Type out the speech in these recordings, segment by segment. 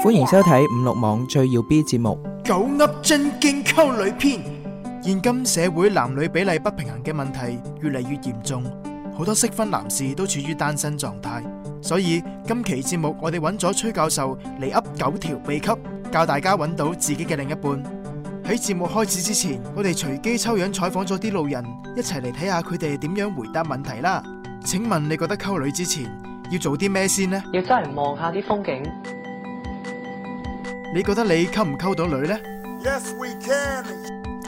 歡迎收睇《五六網最耀 B 節目》。九噏真經溝女篇。現今社會男女比例不平衡嘅問題越嚟越嚴重，好多適婚男士都處於單身狀態。所以今期節目我哋揾咗崔教授嚟噏九條秘笈，教大家揾到自己嘅另一半。喺節目開始之前，我哋隨機抽樣採訪咗啲路人，一齊嚟睇下佢哋點樣回答問題啦。請問你覺得溝女之前要做啲咩先呢？要真係望下啲風景。你覺得你溝唔溝到女呢？Yes we can。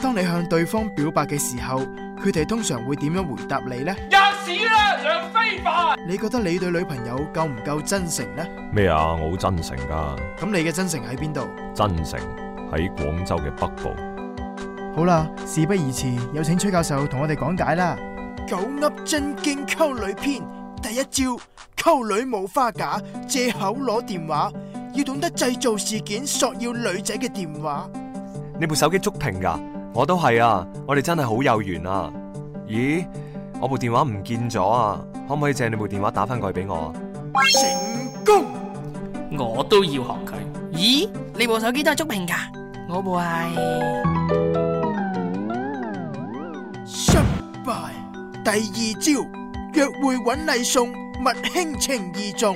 當你向對方表白嘅時候，佢哋通常會點樣回答你呢？吔屎啦梁非凡！你覺得你對女朋友夠唔夠真誠呢？咩啊，我好真誠噶。咁你嘅真誠喺邊度？真誠喺廣州嘅北部。好啦，事不宜遲，有請崔教授同我哋講解啦。九噏真經溝女篇第一招：溝女冇花假，借口攞電話。要懂得製造事件索要女仔嘅電話。你部手機觸屏噶？我都係啊，我哋真係好有緣啊！咦，我部電話唔見咗啊，可唔可以借你部電話打翻過去俾我啊？成功。我都要學佢。咦，你部手機都係觸屏噶？我部係。失敗。第二招，約會搵禮送，勿輕情意重。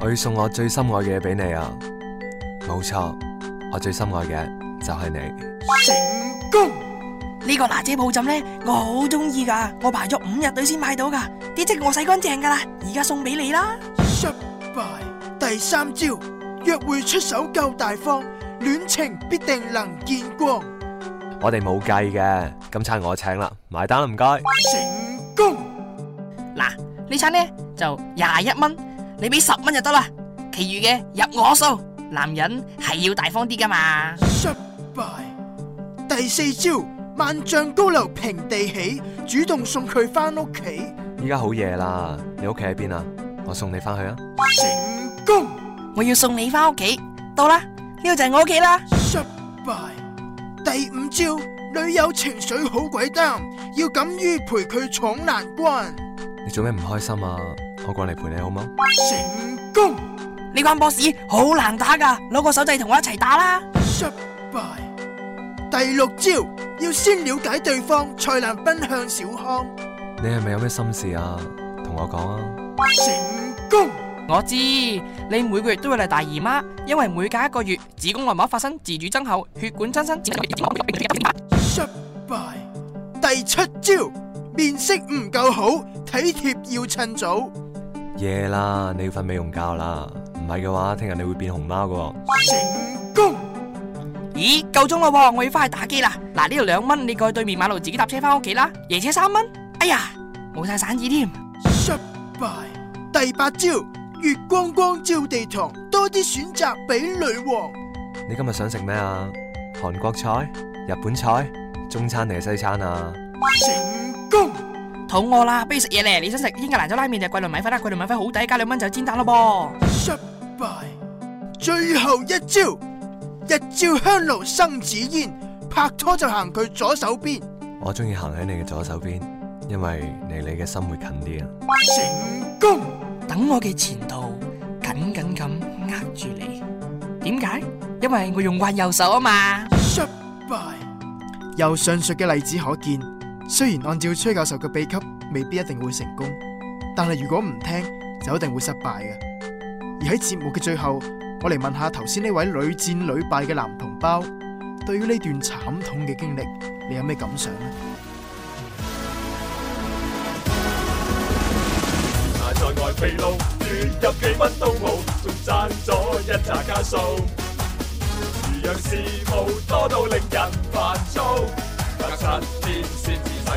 我要送我最心愛嘅嘢俾你啊！冇錯，我最心愛嘅就係你。成功呢、呢個娜姐抱枕咧，我好中意噶，我排咗五日隊先買到噶，啲織我洗乾淨噶啦，而家送俾你啦。失敗。第三招，約會出手夠大方，戀情必定能見光。我哋冇計嘅，今餐我請啦，埋單啦唔該。成功。嗱，你餐呢餐咧就廿一蚊。你俾十蚊就得啦，其餘嘅入我數。男人係要大方啲噶嘛。失敗第四招，萬丈高樓平地起，主動送佢翻屋企。依家好夜啦，你屋企喺邊啊？我送你翻去啊。成功，我要送你翻屋企。到啦，呢個就係我屋企啦。失敗第五招，女友情緒好鬼 down，要敢於陪佢闖難關。你做咩唔開心啊？我過嚟陪你好冇？成功，呢關博士好難打噶，攞個手掣同我一齊打啦。失敗，第六招要先了解對方，才能奔向小康。你係咪有咩心事啊？同我講啊。成功，我知你每個月都會嚟大姨媽，因為每隔一個月子宮內膜發生自主增厚、血管增生、子宮內膜變薄。失敗，第七招面色唔夠好，體貼要趁早。夜啦，你要瞓美容覺啦，唔係嘅話聽日你會變熊貓噶。成功。咦，夠鐘啦，我要翻去打機啦。嗱，呢度兩蚊，你過去對面馬路自己搭車翻屋企啦。夜車三蚊。哎呀，冇晒散紙添。失敗。第八招，月光光照地堂，多啲選擇俾女王。你今日想食咩啊？韓國菜、日本菜、中餐定係西餐啊？成功。肚餓啦，不如食嘢咧！你想食英格蘭州拉麵定桂林米粉啦？桂林米粉好抵，加兩蚊就煎蛋咯噃。失敗，最後一招，一朝香爐生紫煙，拍拖就行佢左手邊。我中意行喺你嘅左手邊，因為離你嘅心會近啲啊。成功。等我嘅前度緊緊咁握住你。點解？因為我用慣右手啊嘛。失敗。由上述嘅例子可見。雖然按照崔教授嘅秘笈，未必一定會成功，但係如果唔聽，就一定會失敗嘅。而喺節目嘅最後，我嚟問下頭先呢位屢戰屢敗嘅男同胞，對於呢段慘痛嘅經歷，你有咩感想呢？